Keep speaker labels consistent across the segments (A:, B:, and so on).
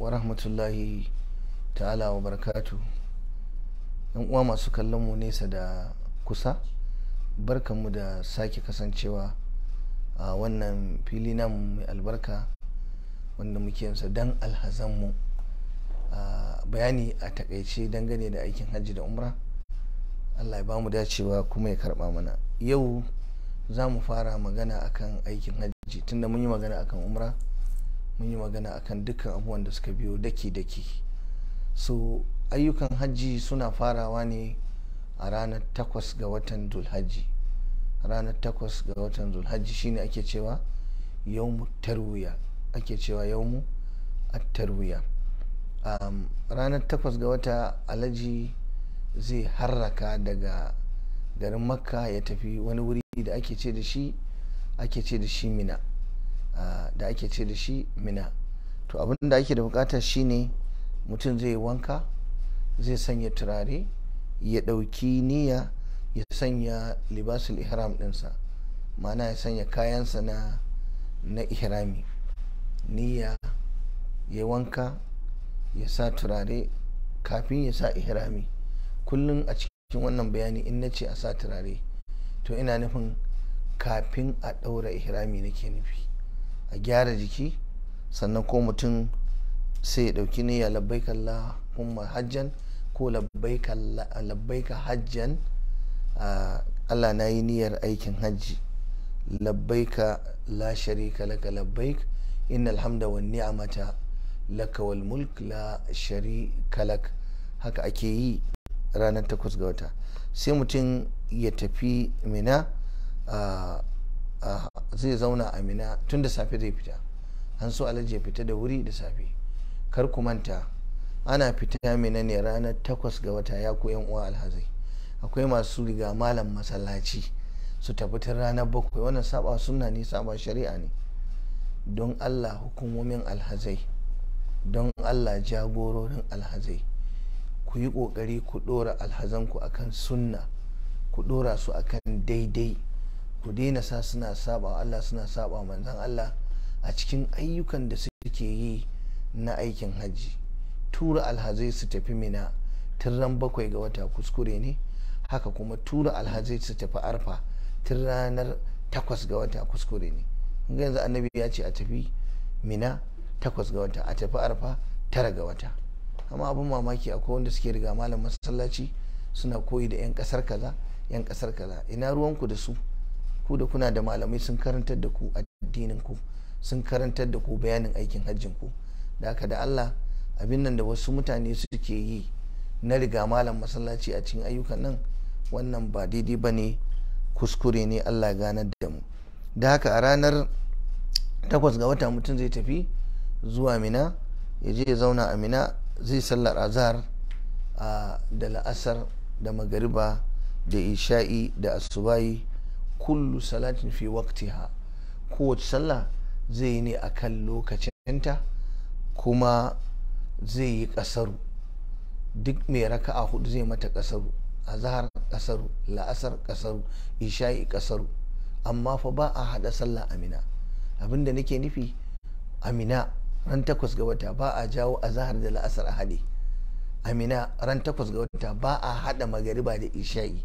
A: wa rahmatullahi ta'ala wa barakatu yan uwa masu kallon mu nesa da kusa barkanmu da sake kasancewa a wannan fili namu mai albarka wanda muke yansa don alhazanmu bayani a takaice dangane da aikin hajji da umra allah ya ba mu dacewa kuma ya karba mana yau za mu fara magana akan aikin hajji tunda mun yi magana akan umra mun yi magana akan dukkan abubuwan da suka biyo daki-daki so ayyukan hajji suna farawa ne a ranar takwas ga watan zulhajji ranar takwas ga watan zulhajji shine ake cewa yawmu tarwiya ake cewa yawmu tarwiya um, ranar takwas ga wata alaji zai harraka daga garin makka ya tafi wani wuri da ake ce da shi ake ce da shi mina da ake ce da shi mina to abin da ake da bukata shine mutum zai wanka zai sanya turare ya ɗauki niyya ya sanya libasul ihram ɗinsa mana ya sanya kayansa na na ihrami niyya ya wanka ya sa turare kafin ya sa ihrami kullum a cikin wannan bayani in na ce a sa turare to ina nufin kafin a ɗaura ihrami nake nufi a gyara jiki sannan ko mutum sai ya ɗauki niyya kalla kuma hajjan ko labbaika hajjan Allah na yi niyyar aikin hajji ka la sharika laka labbai innal hamda wa ni'amata laka wal mulk la sharika lak haka ake yi ranar takwas ga wata sai mutum ya tafi mina zai zauna a mina tun da safe zai fita an so alhaji ya fita da wuri da safe kar ku manta ana fita mina ne ranar takwas ga wata ya ku yan uwa alhazai akwai masu riga malam masallaci su tafi tun ranar bakwai wannan saba sunna ne saba shari'a ne don allah hukumomin alhazai don allah jagororin alhazai ku yi ƙoƙari ku ɗora alhazanku akan sunna ku ɗora su akan daidai ku daina sa suna saba Allah suna saba manzan Allah a cikin ayyukan da suke yi na aikin hajji tura alhazai su tafi mina ran bakwai ga wata kuskure ne haka kuma tura alhazai su tafi arfa tun ranar takwas ga wata kuskure ne yanzu annabi ya ce a tafi mina takwas ga wata a tafi arfa tara ga wata amma abin mamaki akwai wanda suke riga malam masallaci suna koyi da 'yan kasar kaza 'yan kasar kaza ina ruwanku da su ku da kuna da malamai sun karantar da ku addinin ku sun karantar da ku bayanin aikin hajjin ku da haka da Allah abin nan da wasu mutane suke yi na riga malam masallaci a cikin ayyukan nan wannan ba daidai ba ne kuskure ne Allah ganar da mu da haka a ranar takwas ga wata mutum zai tafi zuwa mina ya je ya zauna a mina zai sallar azhar da la'asar da magariba da isha'i da asubayi kullu salatin fi waqtiha kowace sallah zai yi ne a kan lokacinta kuma zai yi kasaru duk mai raka'a hudu zai mata kasaru zahar kasaru la'asar kasaru isha'i kasaru amma fa ba a hada sallah amina abinda nake nufi amina ran takwas ga wata ba a jawo a zahar da la'asar a hade amina ran takwas ga wata ba a hada magariba da isha'i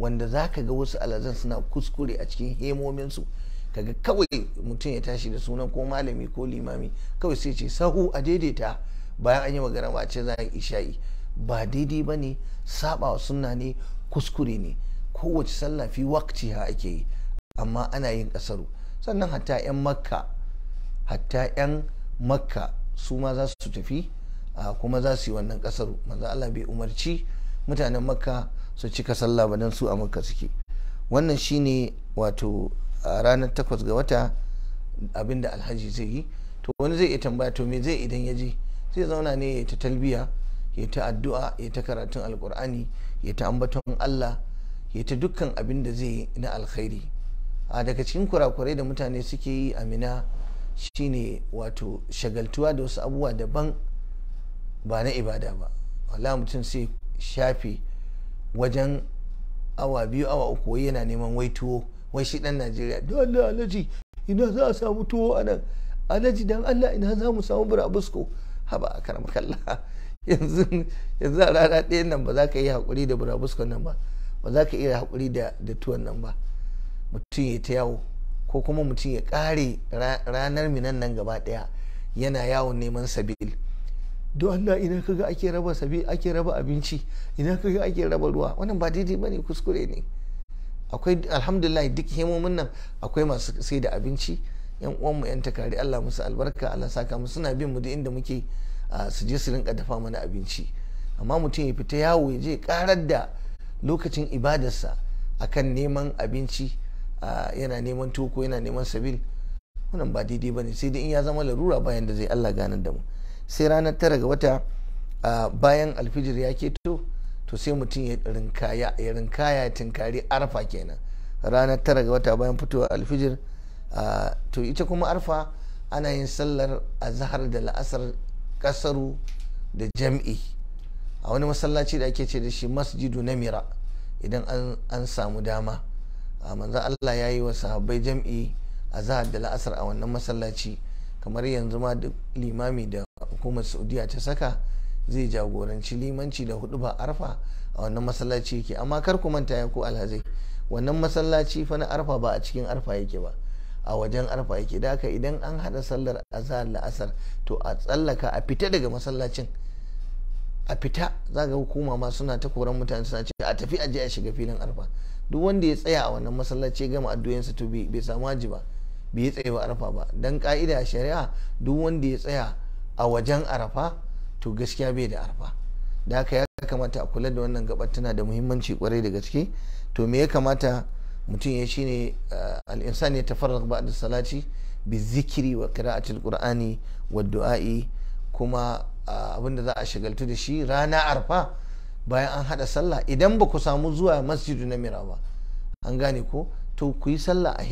A: wanda za ka ga wasu alazan suna kuskure a cikin hemominsu kaga kawai mutum ya tashi da sunan ko malami ko limami kawai sai ce sahu a daidaita bayan an yi magana ba ce za a yi isha'i ba daidai ba ne saba wa sunna ne kuskure ne kowace sallah fi wakti ha ake yi amma ana yin kasaru sannan hatta 'yan makka hatta 'yan makka su ma za su tafi kuma za su yi wannan kasaru maza Allah bai umarci mutanen makka su cika sallah ba don su a makka suke wannan shine wato a ranar takwas ga wata abinda alhaji zai yi to wani zai iya tambaya to me zai idan ya je zai zauna ne ya ta talbiya ya ta addu'a ya ta karatun alkur'ani ya ta ambaton allah ya ta dukkan abin da zai na alkhairi a daga cikin kurakurai da mutane suke yi a mina shine wato shagaltuwa da wasu abubuwa daban ba na ibada ba wala mutum sai shafe wajen awa biyu awa uku wai yana neman wai tuwo wai shi dan najeriya allah alaji ina za a samu tuwo a nan alaji dan allah ina za mu samu burabusko haba a karam kalla yanzu yanzu a rana ɗayan nan ba za ka yi haƙuri da burabuskon nan ba ba za ka iya haƙuri da da tuwon nan ba mutum ya ta yawo ko kuma mutum ya ƙare ranar minan nan gaba ɗaya yana yawon neman sabil don Allah ina kaga ake raba sabi ake raba abinci ina kaga ake raba ruwa wannan ba daidai bane kuskure ne akwai alhamdulillah duk hemomin nan akwai masu sai da abinci yan uwan mu yan takari Allah musu albarka Allah saka mu suna bin mu duk inda muke su je su rinka dafa mana abinci amma mutum ya fita yawo ya je karar da lokacin ibadarsa akan neman abinci yana neman toko yana neman sabil wannan ba daidai bane sai dai in ya zama larura bayan da zai Allah ganar da mu sai ranar tara ga wata bayan alfijir ya keto to sai mutum ya rinkaya ya rinkaya tinkari arfa kenan ranar tara ga wata bayan fitowar alfijir to ita kuma arfa ana yin sallar azhar da la'asar kasaru da jam'i a wani masallaci da ake ce da shi masjidu na mira idan an samu dama manzan allah ya yi wa sahabbai jam'i zahar da la'asar a wannan masallaci kamar yanzu ma duk limami da hukumar saudiya ta saka zai jagoranci limanci da hudu ba arfa a wannan masallaci yake amma kar ku manta ya ko alhazai wannan masallaci fa na arfa ba a cikin arfa yake ba a wajen arfa yake da haka idan an hada sallar azhar la'asar to a tsallaka a fita daga masallacin a fita za ga hukuma ma suna ta koran mutane suna ce a tafi a je a shiga filin arfa duk wanda ya tsaya a wannan masallaci gama addu'o'insa to bai samu ba bai yi tsaye ba arfa ba dan ka'ida shari'a duk wanda ya tsaya a wajen arafa to gaskiya bai da arafa da haka ya kamata a kula da wannan gabar tana da muhimmanci kwarai da gaske to me ya kamata mutum ya shine eh, al-insan ya tafarraq da salati bi zikiri wa qira'atil qur'ani wa du'a'i kuma eh, abinda za a shagaltu da shi rana arfa bayan an hada sallah idan ba ku samu zuwa masjidu na mira ba an gane ko to ku yi sallah a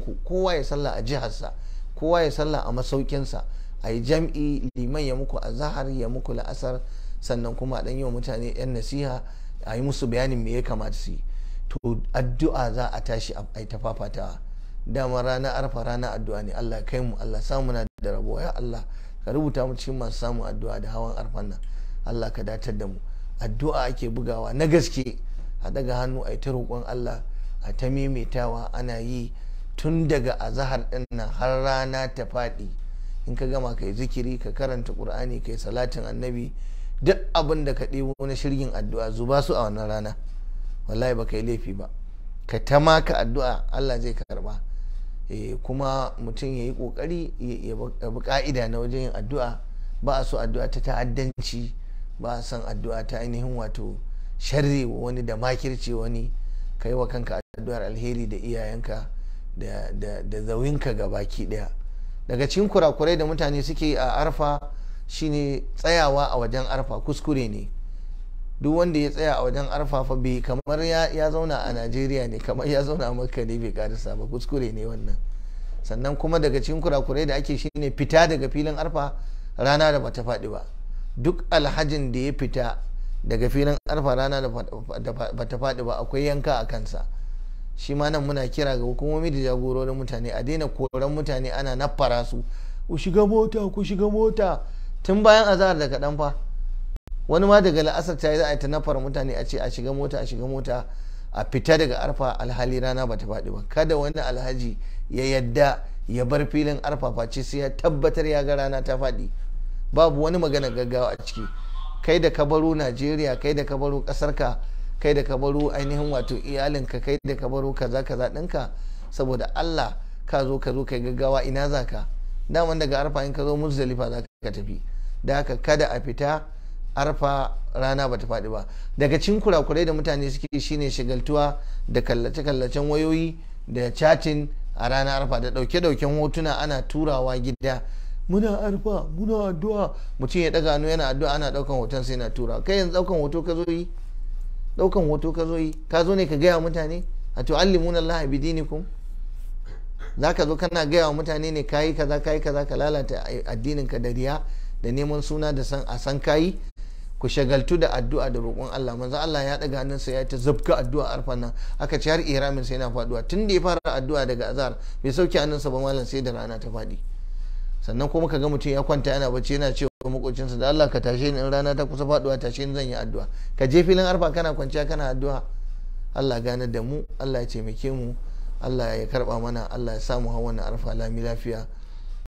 A: ku kowa ya sallah a sa kowa ya sallah a sa. a yi jam'i liman ya muku azahar ya muku la'asar sannan kuma a yi wa mutane 'yan nasiha a yi musu bayanin me ya kamata su yi to addu'a za a tashi a ta fafatawa dama rana arfa rana addu'a ne Allah kai mu Allah samu na da rabo ya Allah ka rubuta mu cikin masu samun addu'a da hawan arfan nan Allah ka datar da mu addu'a ake bugawa na gaske a daga hannu a ta roƙon Allah a ta maimaitawa ana yi tun daga azahar ɗin nan har rana ta faɗi in ka gama ka yi zikiri ka karanta qur'ani kai salatin annabi duk abin da ka ɗebo na shirgin addu'a zuba su a wannan rana wallahi ba ka yi laifi ba ka ta maka addu'a Allah zai karba eh, kuma mutum ya yi kokari ya bi ka'ida na wajen yin addu'a ba a so addu'a ta ta'addanci ba a son addu'a ta ainihin wato sharri wani da makirce wani ka wa kanka addu'ar alheri da iyayenka da zawinka ga baki daya daga cikin kurakurai da mutane suke a arfa shine tsayawa a wajen arfa kuskure ne duk wanda ya tsaya a wajen arfa fa bai kamar ya zauna a najeriya ne kamar ya zauna a makka ne bai karisa ba kuskure ne wannan sannan kuma daga cikin kurakurai da ake shine fita daga filin arfa rana da bata faɗi ba duk alhajin da ya fita daga filin arfa rana da bata faɗi ba akwai yanka a kansa shi ma nan muna kira ga hukumomi da jagororin mutane a daina koran mutane ana naffara su ku shiga mota ku shiga mota tun bayan azahar da kaɗan fa wani ma daga la'asar ta yi za a yi ta nafar mutane a ce a shiga mota a shiga mota a fita daga arfa alhali rana ba ta faɗi ba kada wani alhaji ya yadda ya bar filin arfa face sai ya tabbatar ya ga rana ta faɗi babu wani magana gaggawa a ciki kai da ka baro najeriya kai da ka baro ka. kai da kabaru ainihin wato iyalin ka kai da kabaru baro kaza kaza ɗinka saboda Allah ka zo ka zo kai gaggawa ina za ka daman daga arfa in ka zo muzdalifa za ka tafi da haka kada a fita arfa rana ba ta faɗi ba daga cikin kurakurai da mutane suke shine shigaltuwa da kallace-kallacen wayoyi da chatin a ranar arfa da ɗauke-ɗauken hotuna ana turawa gida muna arfa muna addu'a mutum ya ɗaga hannu yana addu'a ana ɗaukan hoton sai na tura kai yanzu ɗaukan hoto ka zo yi daukan hoto ka zo yi ka zo ne ka gaya mutane a tu'allimuna Allah bi dinikum za ka zo kana gaya wa mutane ne kayi kaza kayi kaza ka lalata addinin ka da riya da neman suna da san a san kayi ku shagaltu da addu'a da roƙon Allah manzo Allah ya daga hannunsa ya ta zabka addu'a arfan nan aka ci har iramin sai yana faduwa tun da ya fara addu'a daga azhar bai sauke hannunsa ba malam sai da rana ta faɗi sannan kuma ka ga mutum ya kwanta yana bacci yana cewa makocinsa da Allah ka tashe ni in rana ta kusa faduwa tashe ni zan yi addu'a ka je filin arfa kana kwanciya kana addu'a Allah gane da mu Allah ya taimake mu Allah ya karba mana Allah ya samu hawan arfa lami lafiya